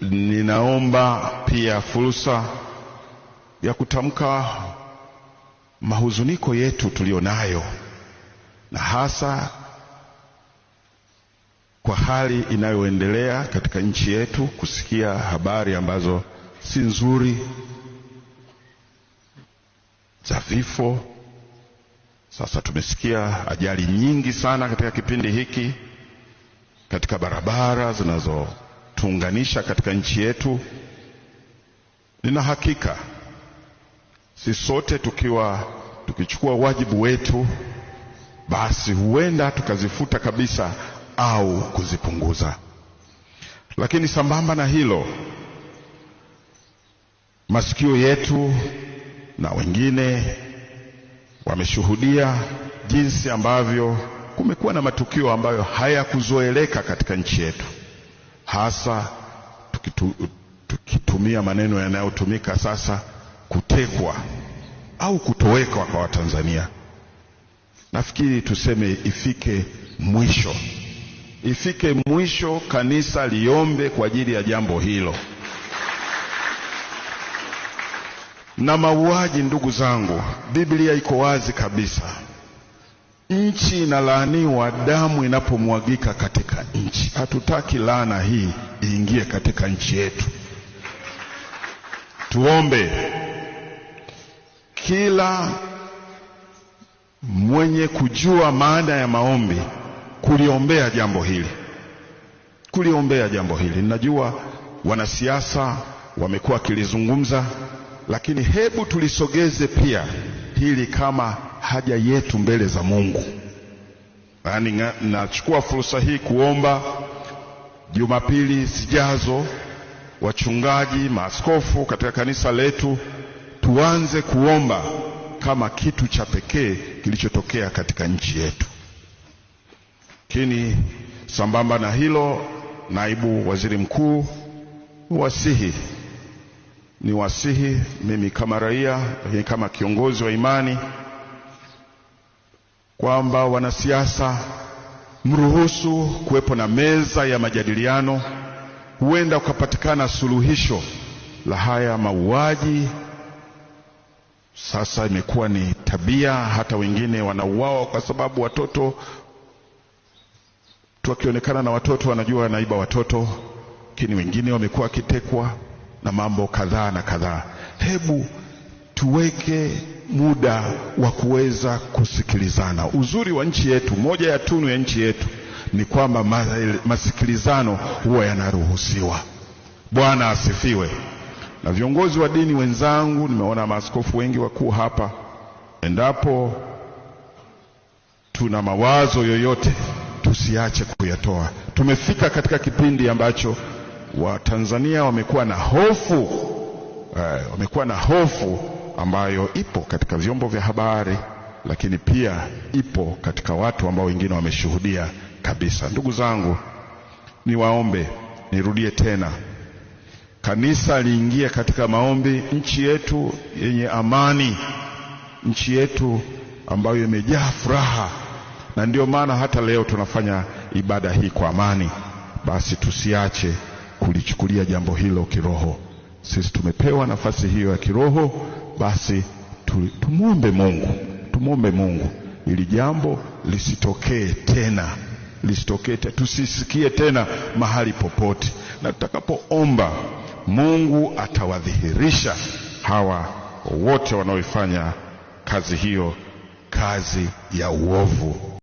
ninaomba pia fursa ya kutamka mahuzuniko yetu tuliyonayo na hasa kwa hali inayoendelea katika nchi yetu, kusikia habari ambazo si nzuri za vifo. Sasa tumesikia ajali nyingi sana katika kipindi hiki katika barabara zinazo kutuunganisha katika nchi yetu. Nina hakika si sote tukiwa tukichukua wajibu wetu, basi huenda tukazifuta kabisa au kuzipunguza. Lakini sambamba na hilo, masikio yetu na wengine wameshuhudia jinsi ambavyo kumekuwa na matukio ambayo hayakuzoeleka katika nchi yetu hasa tukitu, tukitumia maneno yanayotumika sasa, kutekwa au kutowekwa kwa Watanzania. Nafikiri tuseme ifike mwisho, ifike mwisho, kanisa liombe kwa ajili ya jambo hilo. Na mauaji, ndugu zangu, Biblia iko wazi kabisa. Nchi inalaaniwa damu inapomwagika katika nchi. Hatutaki laana hii iingie katika nchi yetu. Tuombe kila mwenye kujua maana ya maombi kuliombea jambo hili, kuliombea jambo hili. Ninajua wanasiasa wamekuwa wakilizungumza, lakini hebu tulisogeze pia hili kama haja yetu mbele za Mungu. Yaani, nachukua fursa hii kuomba Jumapili zijazo wachungaji, maaskofu katika kanisa letu tuanze kuomba kama kitu cha pekee kilichotokea katika nchi yetu. Lakini sambamba na hilo, naibu waziri mkuu, wasihi ni wasihi mimi kama raia, lakini kama kiongozi wa imani kwamba wanasiasa mruhusu kuwepo na meza ya majadiliano, huenda ukapatikana suluhisho la haya mauaji. Sasa imekuwa ni tabia, hata wengine wanauawa kwa sababu watoto tu, wakionekana na watoto wanajua wanaiba watoto, lakini wengine wamekuwa wakitekwa na mambo kadhaa na kadhaa. Hebu tuweke muda wa kuweza kusikilizana. Uzuri wa nchi yetu, moja ya tunu ya nchi yetu ni kwamba masikilizano huwa yanaruhusiwa. Bwana asifiwe. Na viongozi wa dini wenzangu, nimeona maaskofu wengi wakuu hapa, endapo tuna mawazo yoyote tusiache kuyatoa. Tumefika katika kipindi ambacho Watanzania wamekuwa na hofu eh, wamekuwa na hofu ambayo ipo katika vyombo vya habari, lakini pia ipo katika watu ambao wengine wameshuhudia kabisa. Ndugu zangu, niwaombe, nirudie tena, kanisa liingie katika maombi. Nchi yetu yenye amani, nchi yetu ambayo imejaa furaha, na ndio maana hata leo tunafanya ibada hii kwa amani. Basi tusiache kulichukulia jambo hilo kiroho. Sisi tumepewa nafasi hiyo ya kiroho, basi tumwombe Mungu, tumwombe Mungu ili jambo lisitokee tena, lisitokee tena, tusisikie tena mahali popote. Na tutakapoomba Mungu atawadhihirisha hawa wote wanaoifanya kazi hiyo, kazi ya uovu.